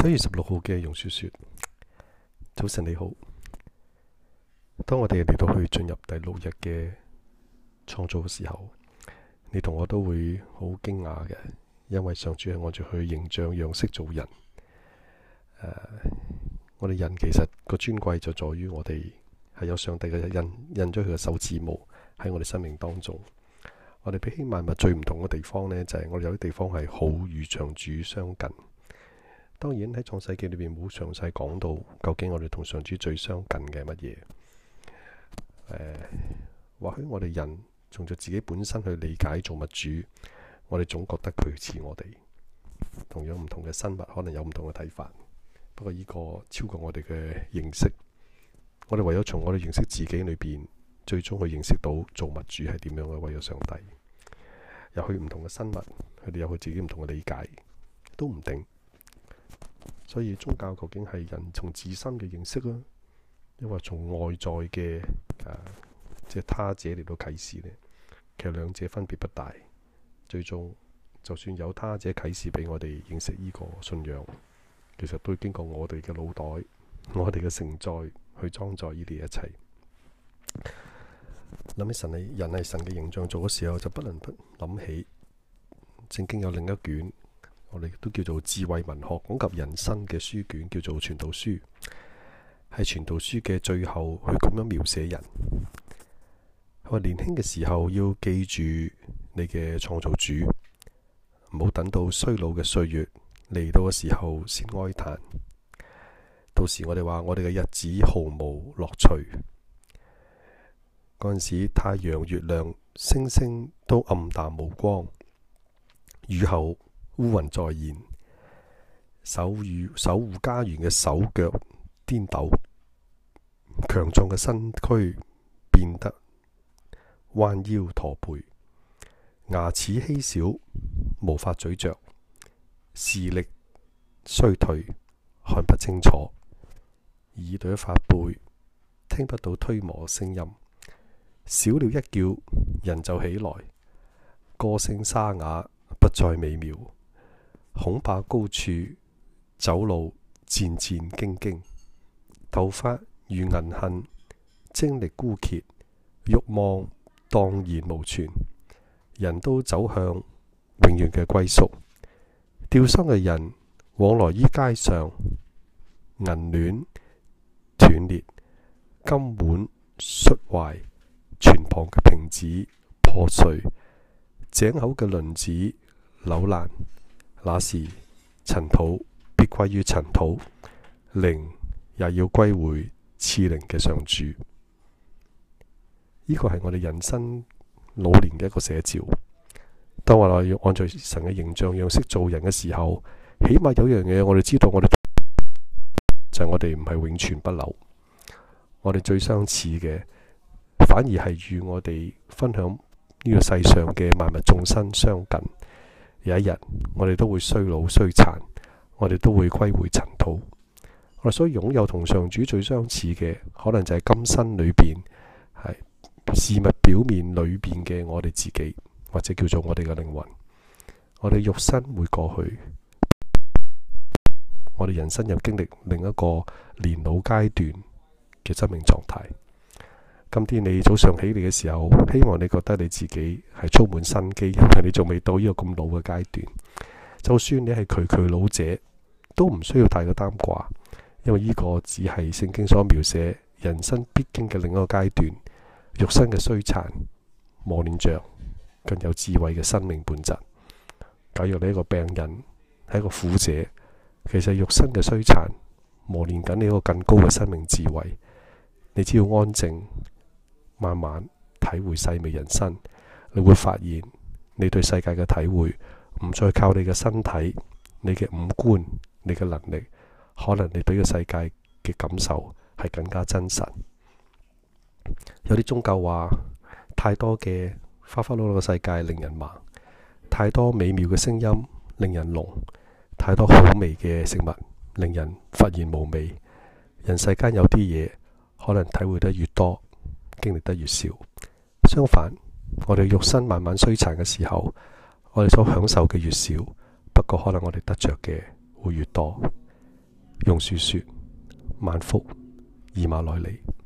七月十六號嘅容雪雪，早晨你好。當我哋嚟到去進入第六日嘅創造嘅時候，你同我都會好驚訝嘅，因為上主係按照佢形象樣式做人。呃，我哋人其實個尊貴就在於我哋係有上帝嘅印，印咗佢嘅手指模喺我哋生命當中。我哋比起萬物最唔同嘅地方呢，就係、是、我哋有啲地方係好與上主相近。當然喺《創世記》裏邊冇詳細講到究竟我哋同上主最相近嘅乜嘢。誒、呃，或許我哋人從著自己本身去理解造物主，我哋總覺得佢似我哋。同樣唔同嘅生物可能有唔同嘅睇法，不過呢個超過我哋嘅認識。我哋唯有從我哋認識自己裏邊，最終去認識到造物主係點樣嘅偉大上帝。又去唔同嘅生物，佢哋有佢自己唔同嘅理解，都唔定。所以宗教究竟係人從自身嘅認識啦、啊，亦或從外在嘅誒、啊，即係他者嚟到啟示咧？其實兩者分別不大。最終，就算有他者啟示俾我哋認識呢個信仰，其實都經過我哋嘅腦袋、我哋嘅承載去裝載呢啲一切。諗起神，人係神嘅形象做嘅時候，就不能不諗起聖經有另一卷。我哋都叫做智慧文學，講及人生嘅書卷叫做《傳道書》，係《傳道書》嘅最後，去咁樣描寫人。佢話年輕嘅時候要記住你嘅創造主，唔好等到衰老嘅歲月嚟到嘅時候先哀嘆。到時我哋話我哋嘅日子毫無樂趣。嗰陣時，太陽、月亮、星星都暗淡無光，雨後。烏雲再現，守與守護家園嘅手腳顛抖，強壯嘅身軀變得彎腰駝背，牙齒稀少，無法咀嚼，視力衰退，看不清楚，耳朵發背，聽不到推磨聲音，小鳥一叫，人就起來，歌聲沙啞，不再美妙。恐怕高處走路戰戰兢兢，頭髮如銀杏，精力枯竭，欲望蕩然無存。人都走向永遠嘅歸宿。吊喪嘅人往來於街上，銀鍊斷裂，金碗摔壞，全旁嘅瓶子破碎，井口嘅輪子扭爛。那時塵土必歸於塵土，靈也要歸回賜靈嘅上主。呢個係我哋人生老年嘅一個寫照。當我哋要按照神嘅形象、樣式做人嘅時候，起碼有一樣嘢我哋知道，我哋就係我哋唔係永存不朽。我哋最相似嘅，反而係與我哋分享呢個世上嘅萬物眾生相近。有一日，我哋都會衰老衰殘，我哋都會歸回塵土。我哋所擁有同上主最相似嘅，可能就係今生裏邊，係事物表面裏邊嘅我哋自己，或者叫做我哋嘅靈魂。我哋肉身會過去，我哋人生又經歷另一個年老階段嘅生命狀態。今天你早上起嚟嘅時候，希望你覺得你自己係充滿生機，因為你仲未到呢個咁老嘅階段。就算你係佢佢老者，都唔需要太過擔掛，因為呢個只係聖經所描寫人生必經嘅另一個階段。肉身嘅衰殘磨練着更有智慧嘅生命本質。假如你一個病人係一個苦者，其實肉身嘅衰殘磨練緊你一個更高嘅生命智慧。你只要安靜。慢慢體會細微人生，你會發現你對世界嘅體會唔再靠你嘅身體、你嘅五官、你嘅能力，可能你對個世界嘅感受係更加真實。有啲宗教話，太多嘅花花綠綠嘅世界令人盲，太多美妙嘅聲音令人聾，太多好味嘅食物令人忽然無味。人世間有啲嘢，可能體會得越多。經歷得越少，相反，我哋肉身慢慢衰殘嘅時候，我哋所享受嘅越少。不過可能我哋得着嘅會越多。用樹說：萬福，以馬內利。